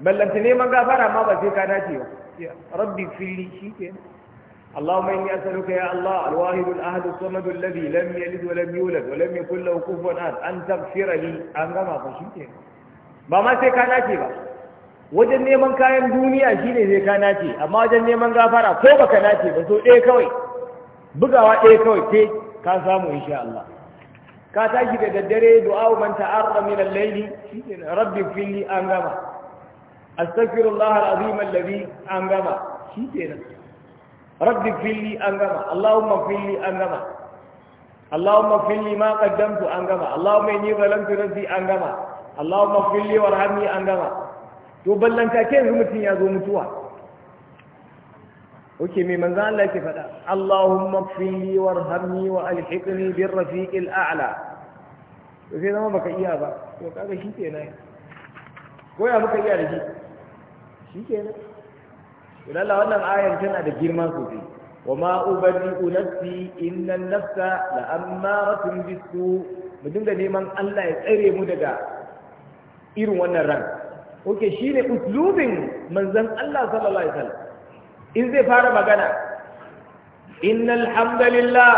ballanta neman gafara ma ba sai ka dace ba rabbi fili اللهم يا الله الواحد الصمد الذي لم يلد ولم يولد ولم يكن له كفوا تغفر لي غما فشيك ba ma sai ka nace ba wajen neman kayan duniya shine sai ka nace amma wajen neman gafara ko baka nace ba so ɗaya kawai bugawa ɗaya kawai ke ka samu insha Allah ka tashi da daddare du'a man ta'arra min al-layli rabbi fili an gama astaghfirullah alazim alladhi an gama shi kenan rabbi filli an gama allahumma filli an gama allahumma filli ma an gama allahumma inni zalamtu an gama allahumma filli warhamni an gama to ballanta ke yanzu mutum ya zo mutuwa oke mai manzo Allah ke faɗa Allahumma fili warhamni wa alhiqni bir rafiqil a'la to sai zama baka iya ba to kaga shi kenan ko ya muka iya da shi shikenan idan wannan ayar tana da girma sosai wa ma ubadi nafsi inna nafsa la ammaratun bisu mu dinga neman Allah ya tsare mu daga irin wannan ran oke shine uslubin manzon Allah sallallahu alaihi wasallam in zai fara magana innal hamdalillah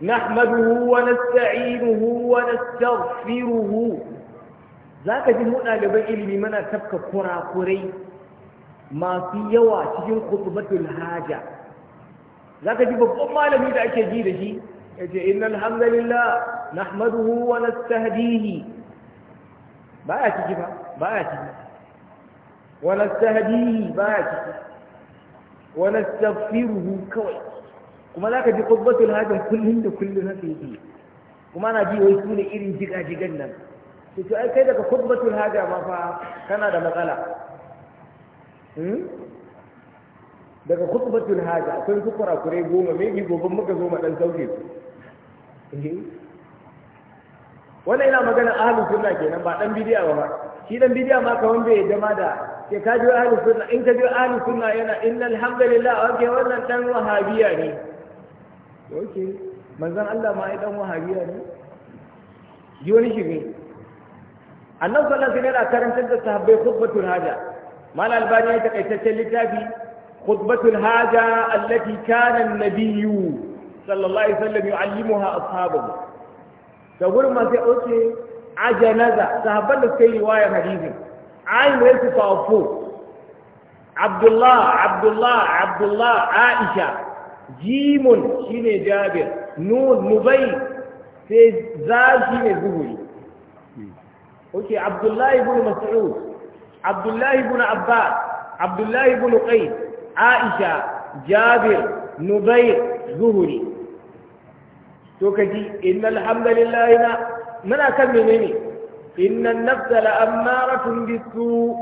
نحمده ونستعينه ونستغفره za ka ji mu ɗaliban ilimi mana tafka kurakurai masu yawa cikin kutubatul haja za ka ji babban malami da ake ji da shi ya ce inna alhamdulillah nahmaduhu wa nastahdihi baya ciki ba baya ciki wa nastahdihi baya ciki wa nastaghfiruhu kawai kuma za ka ji kutubatul haja kullun da kullun haka yake kuma na ji wai su ne irin jiga-jigan nan su ai kai daga kubbatul haja ma fa kana da matsala hmm? daga kubbatul haja akwai su kure goma mai bi goban muka zo dan sauke su eh? wannan ina magana ahlus sunna kenan ba dan bidiya ba shi dan bidiya ma wanda ya dama da ke ka ji ahlus sunna in ka ji ahlus sunna yana innal hamdalillah okay wannan dan wahabiya ne okay manzon Allah ma ai dan wahabiya ne ji wani ne annabi sallallahu alaihi wasallam karantar da sahabbai khutbatul haja mal albani ya takaitaccen littafi khutbatul haja allati kana an-nabiyyu sallallahu alaihi wasallam yu'allimuha ashabahu da gurin ma sai oke ajanaza sahabban da suka yi riwaya hadisi ayin da su fafo abdullah abdullah abdullah aisha jimun shine jabir nun nubai sai za shi ne zuhuri oke abdullahi ibn mas'ud abdullahi ibn abbas abdullahi ibn qais aisha jabir nubayr zuhuri to kaji innal hamdalillah na muna kan menene innan nafsa la'ammaratun bisu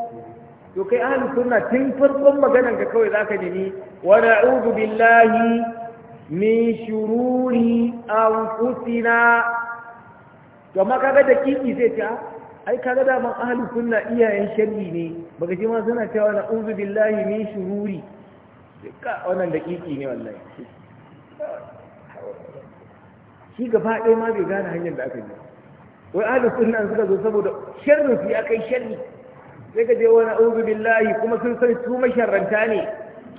to kai ahli sunna tun farkon maganan ka kawai zaka nemi wa na'udhu billahi min shururi anfusina to amma kaga da zai ta ai kaga daman ahli sunna iyayen sharri ne baka ji ma suna cewa na uzu billahi min shururi ka wannan dakiki ne wallahi shi gaba ɗaya ma bai gane hanyar da aka yi wai ahli sunna suka zo saboda sharrin su ya kai sharri sai ka je wani uzu billahi kuma sun san su masharranta ne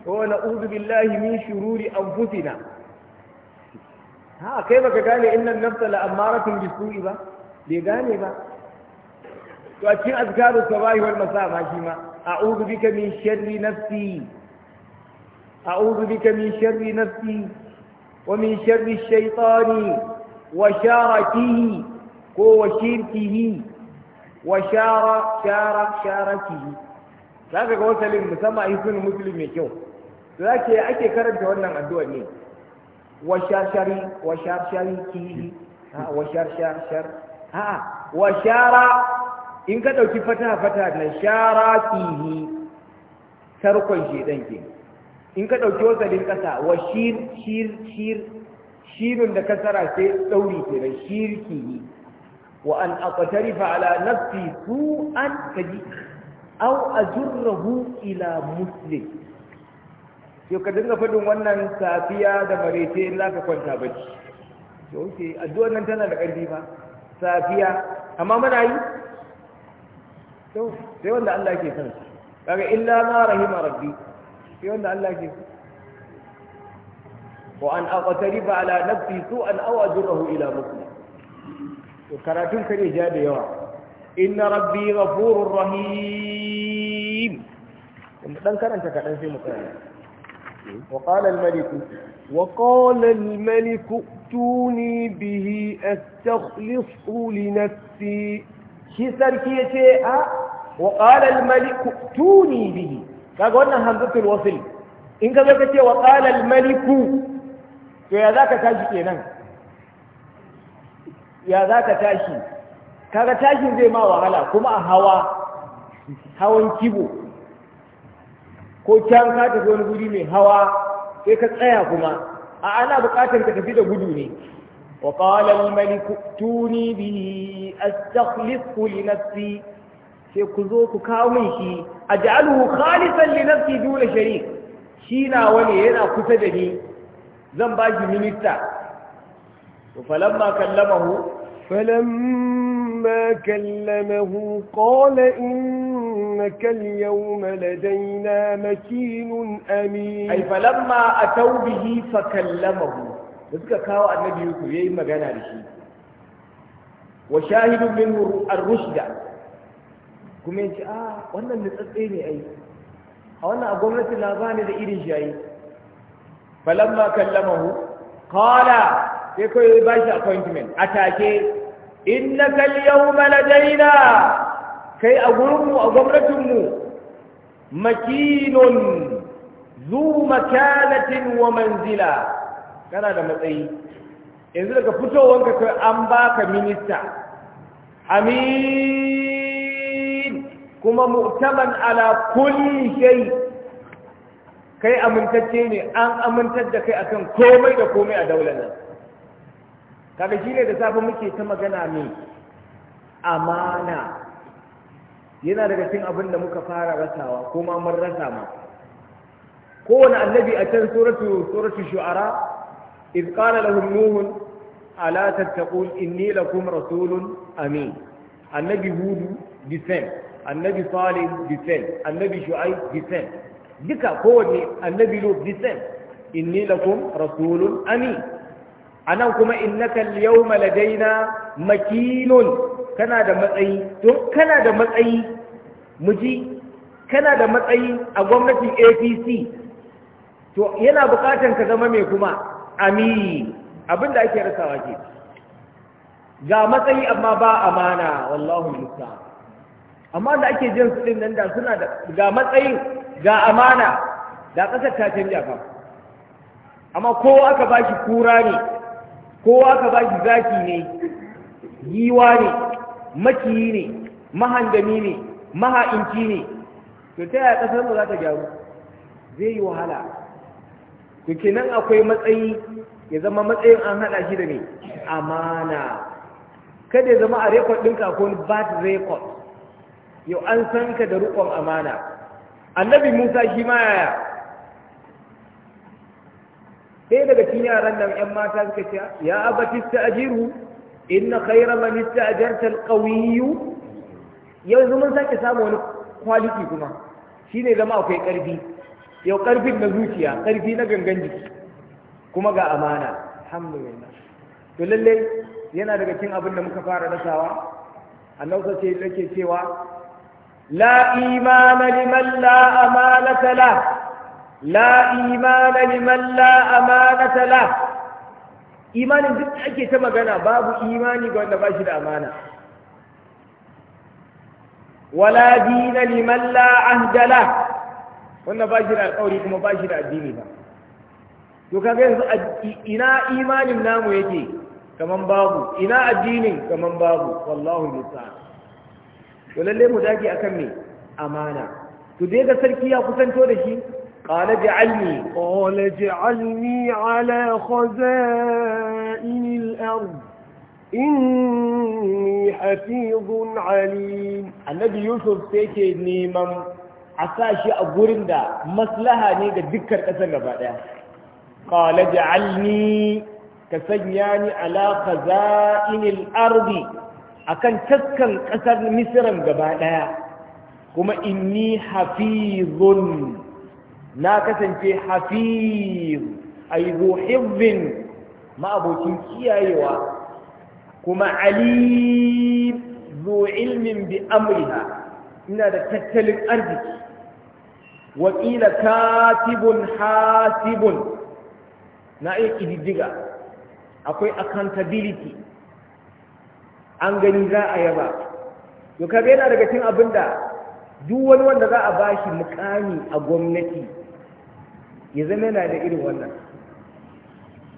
wani uzu billahi min shururi anfusina ha kai baka gane innan nafsa la amaratun bisu'i ba bai gane ba وأتشين أذكار الصباح والمساء ماشيما أعوذ بك من شر نفسي أعوذ بك من شر نفسي ومن شر الشيطان وشارته هو وشيرته وشار شار شارته هذا هو سليم مسمى يكون مسلم يكو لكن أكي كرم تهونا الدول مين وشار شري وشار ها وشار شار شر ها وشار in ka ɗauki fata-fata na shara fihi tarkon shedan ke in ka ɗauki wasalin ƙasa wa shir shir shir shirin da kasara sai ɗauri ke da shirki wa an aqtarifa ala ka ji au a ajurruhu ila muslim yau ka dinga faɗin wannan safiya da marece in zaka kwanta bacci to ke addu'ar nan tana da ƙarfi ba safiya amma muna yi to sai wanda Allah ke san shi kaga illa ma rahima rabbi sai wanda Allah ke san wa an aqtariba ala nafsi su'an aw ajrahu ila muslim to karatun kare ja da yawa inna rabbi ghafurur rahim dan karanta kadan sai mu tsaya wa qala al-malik وقال الملك ائتوني به أستخلصه لنفسي shi sarki ya ce a wa ƙalal maliku tuni bihi kaga wannan hamzatul wasil in ka zo ka ce wa ƙalal maliku to ya za ka tashi kenan ya za ka tashi kaga tashin zai ma wahala kuma a hawa hawan kibo ko can ka tafi wani guri mai hawa sai ka tsaya kuma a ana buƙatar ka tafi da gudu ne وقال الملك ائتوني به استخلصه لنفسي في كذوك كاومشي اجعله خالصا لنفسي دون شريك شينا ولي ذنب كتدني من منتا فلما كلمه فلما كلمه قال إنك اليوم لدينا مكين أمين أي فلما أتوا به فكلمه da suka kawo annabi yusuf yayi magana da shi wa shahidu min ar-rushda kuma yace a ah, wannan nutsatse ne ai a wannan a gwamnati na bani da irin shi ai falamma kallamahu qala sai kai ba shi appointment atake innaka al-yawma ladaina kai a gurinmu a gwamnatinmu makinun zu makanatin wa kana da matsayi yanzu daga fitowarka kai an baka minista amin kuma mu'taman ala kulli shay kai amintacce ne an amintar da kai akan komai da komai a daular nan kaga shine da safe muke ta magana ne amana yana daga cikin abin da muka fara rasawa ko ma mun rasa ma kowane annabi a can suratu suratu shu'ara إذ قال لهم نوح ألا تتقون إني لكم رسول أمين النبي هود بسام النبي صالح بسام النبي شعيب بسام duka kowane annabi lo the same inni lakum rasulun amin anan kuma innaka al-yawma ladaina makinun kana da matsayi to kana da matsayi muji kana da matsayi a gwamnatin APC to yana bukatan ka zama mai kuma ami abin da ake rasawa ke ga matsayi amma ba amana wallahu musa amma da ake jin su nan da suna da ga matsayi ga amana da ƙasar ta canja fa amma kowa aka ba shi kura ne kowa aka ba shi zaki ne yiwa ne makiyi ne mahandami ne maha'inci ne to ta yaya ƙasar mu za ta gyaru zai yi wahala to kenan akwai matsayi ya zama matsayin an haɗa shi da ne amana kada ya zama a rekod ɗin ko bad rekod yau an san ka da riƙon amana annabi musa shi ma yaya sai daga cikin yaran nan ƴan mata suka ce ya abati sta'jiru inna khayra man ista'jarta al yanzu mun sake samu wani quality kuma shine zama akwai ƙarfi yau ƙarfin na zuciya ƙarfi na gangan jiki kuma ga amana alhamdulillah to lalle yana daga cikin abin da muka fara rasawa annabi ce yake cewa la imana liman la amana la la imana liman la amana la imanin duk da ake ta magana babu imani ga wanda ba shi da amana wala dina liman la ahdala wanda ba shi da alƙawari kuma ba shi da addini ba to kaga yanzu ina imanin namu yake kaman babu ina addinin kaman babu wallahu musta'an to lalle mu dage akan me amana to dai ga sarki ya kusanto da shi قال اجعلني قال اجعلني على خزائن الأرض إني حفيظ عليم النبي يوسف سيكي نيمم عساشي أقول دا مسلحة نيجا ذكر أسنة بعدها qala ja'alni ka sanya ni ala khaza'inil ardi akan taskan kasar misran gaba daya kuma inni hafizun na kasance hafiz ay hifzin ma'abocin kiyayewa kuma alim zo ilmin bi ina da tattalin arziki wakila katibun hasibun na iya ƙididdiga akwai accountability an gani za a yaba to yana daga cin abin da duk wani wanda za a bashi mukami a gwamnati ya zama yana da irin wannan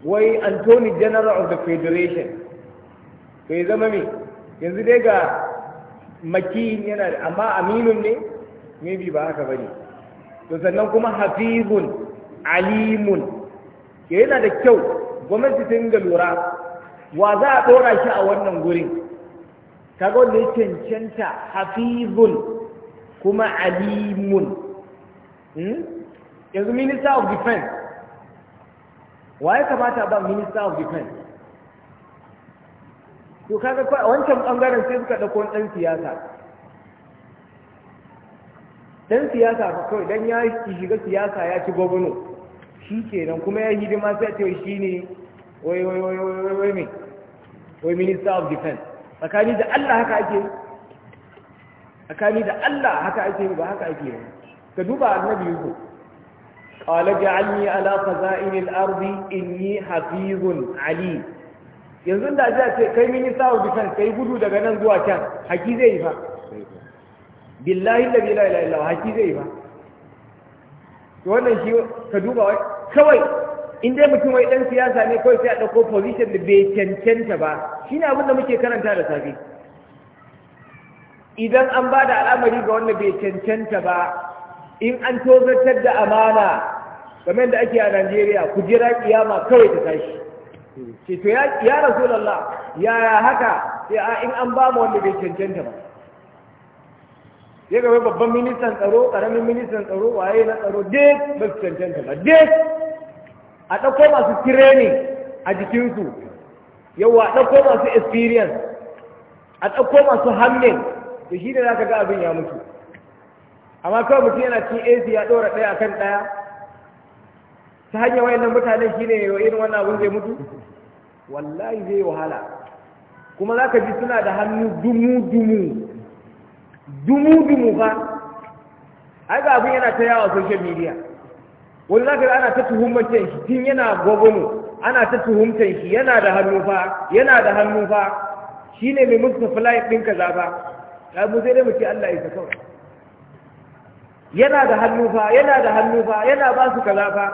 wai anthony general of the federation to ya zama mai, yanzu dai ga makin yana da amma aminun ne maybe ba haka ba ne. to sannan kuma hafizun alimun yana da kyau gwamnati ta dinga lura wa za a ɗora shi a wannan gurin kaga wanda ya cancanta hafizun kuma alimun hmm? yanzu minister of defense wa ya kamata ba minister of defense to kaga wancan bangaren sai suka ɗauko ɗan siyasa ɗan siyasa fa kawai dan ya shiga siyasa ya ci gwamnati shi kenan kuma ya hidima sai ce shi ne wai wai wai wai wai me wai minister of defense tsakani da Allah haka ake yi tsakani da Allah haka ake yi ba haka ake yi ka duba annabi yuko qala ja'alni ala khaza'in al-ardi inni hafizun ali yanzu da za ce kai minister of defense kai gudu daga nan zuwa can haki zai yi fa billahi la ilaha illa Allah haki zai yi fa to wannan shi ka duba wai. kawai in dai mutum wai dan siyasa ne kawai sai a dauko position da bai cancanta ba shine abin da muke karanta da safe idan an ba da al'amari ga wanda bai cancanta ba in an tozartar da amana kamar da ake a Najeriya ku jira kiyama kawai ta tashi ce to ya ya rasulullah yaya haka sai a in an ba mu wanda bai cancanta ba ya gaba babban ministan tsaro karamin ministan tsaro waye na tsaro dai ba su cancanta ba dai a ɗauko masu training a jikinsu yawa a ɗauko masu experience a ɗauko masu hannun da shi ne za ka ga abin ya mutu amma kawai mutum yana cin ac ya ɗora ɗaya a kan ɗaya ta hanyar wayannan mutane shi ne irin wannan abin zai mutu wallahi zai wahala kuma za ka ji suna da hannu dumu-dumu dumu-dumu fa ga abin yana ta yawa social media wani za ka ana ta tuhumtan shi tun yana gwagwano ana ta tuhumtan shi yana da hannu fa yana da hannu fa shi ne mai musu fulayin ɗin kaza fa ya mu sai dai mu ce Allah ya saka yana da hannu fa yana da hannu fa yana ba su kaza fa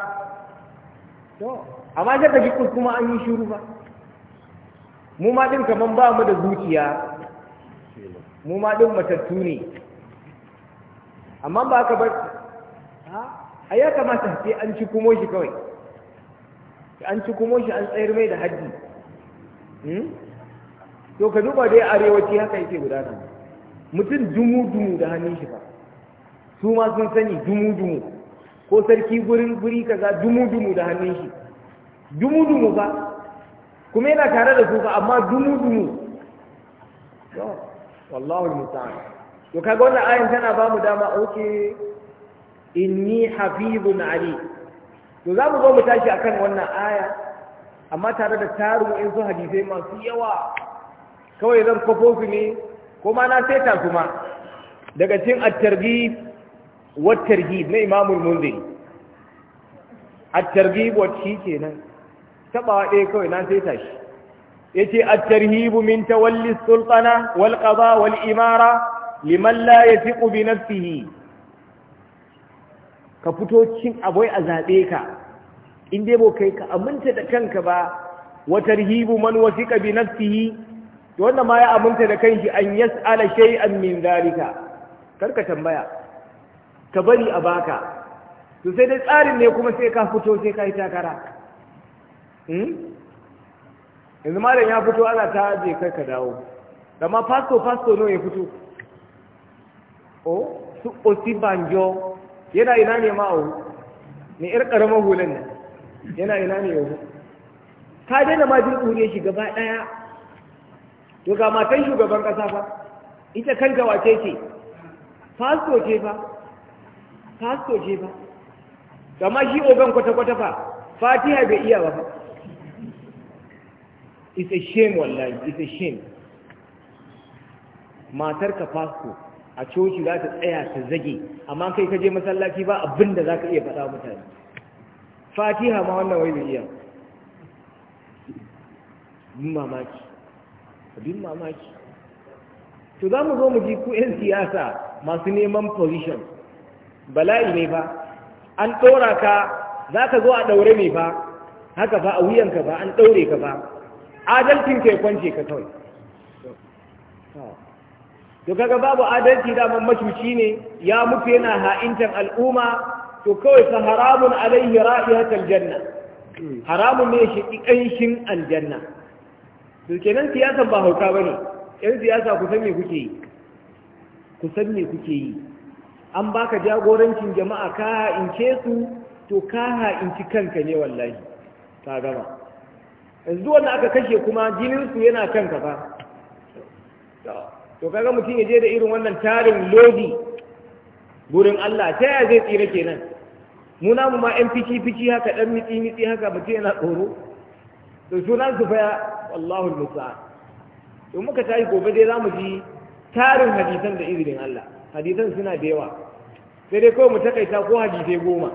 to amma sai ka ji kuma an yi shiru fa mu ma din kaman ba mu da zuciya mu ma din matattu ne amma ba ka bar ha a ya kamata sai an ci kumo shi kawai an ci kumo shi an tsayar mai da haddi hmm? to ka duba dai arewaci haka yake gudana mutum dumu-dumu da hannun shi ba su ma sun sani dumu-dumu ko sarki gurin guri kaza dumu-dumu da hannun shi dumu-dumu ba kuma yana tare da su fa amma dumu-dumu wallahu musta'an to kaga wannan ayin tana ba mu dama oke inni hafizun ali to za mu zo mu tashi akan wannan aya amma tare da tarin su hadisai masu yawa kawai zan kwafo su ne kuma na saita su ma daga cin attargi targhib na Imam al Attargi at-targhib wa shi kenan tabawa ɗaya kawai na saita shi Ya ce tarhib min tawalli sultana wal qada wal imara liman la yathiqu bi nafsihi ka fito cin abai a zaɓe ka in dai bo kai ka aminta da kanka ba wata rihibu man wasiqa bi nafsihi to wanda ma ya aminta da kanshi an yas'ala shay'an min Kar karka tambaya ka bari a baka to sai dai tsarin ne kuma sai ka fito sai ka yi takara hmm? yanzu malam ya fito ana ta je kai ka dawo Dama fasto fasto no ya fito o oh, su banjo yana ina ne ma awu ne yar karamar hulan nan yana ina ne yau ka daina ma jin ɗure shi gaba ɗaya to ga matan shugaban ƙasa fa ita kanta wace ce fasto ce fa fasto ce fa kama shi ogan kwata-kwata fa fatiha bai iya ba fa it's a shame wallahi it's a shame matar ka fasto a coci za ta tsaya ta zage amma kai ka je masallaci ba abin da za ka iya faɗa mutane fatiha ma wannan wai iya Bin mamaki abin mamaki to za mu zo mu ji ku 'yan siyasa masu neman position bala'i ne ba an ɗora ka za ka zo a ɗaure ne ba haka ba a wuyanka ba an ɗaure ka ba adalcin kai kwance ka kawai to kaga babu adalci daman mashuci ne ya mutu yana ha'intan al'umma to kawai sa haramun alaihi ra'ihatul janna haramun ne shi kanshin aljanna to kenan siyasan ba hauka bane yan siyasa ku san me kuke yi ku san me kuke yi an baka jagorancin jama'a ka ha'ince su to ka inci kanka ne wallahi ka gama yanzu wanda aka kashe kuma jinin su yana kanka fa to kaga mutum ya je da irin wannan tarin lodi gurin Allah ta yaya zai tsira kenan mu namu ma yan fici fici haka dan mitsi mitsi haka mutum yana tsoro to sunan su faya, wallahu musta'an to muka tashi gobe dai zamu ji tarin hadisan da izinin Allah hadisan suna da yawa sai dai kawai mu takaita ko hadisai goma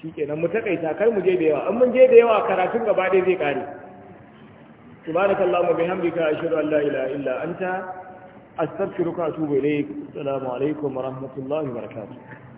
shikenan mu takaita kar mu je da yawa in mun je da yawa karatun gaba ɗaya zai kare subhanakallahumma bihamdika ashhadu an la ilaha illa anta أستغفرك وأتوب إليك السلام عليكم ورحمة الله وبركاته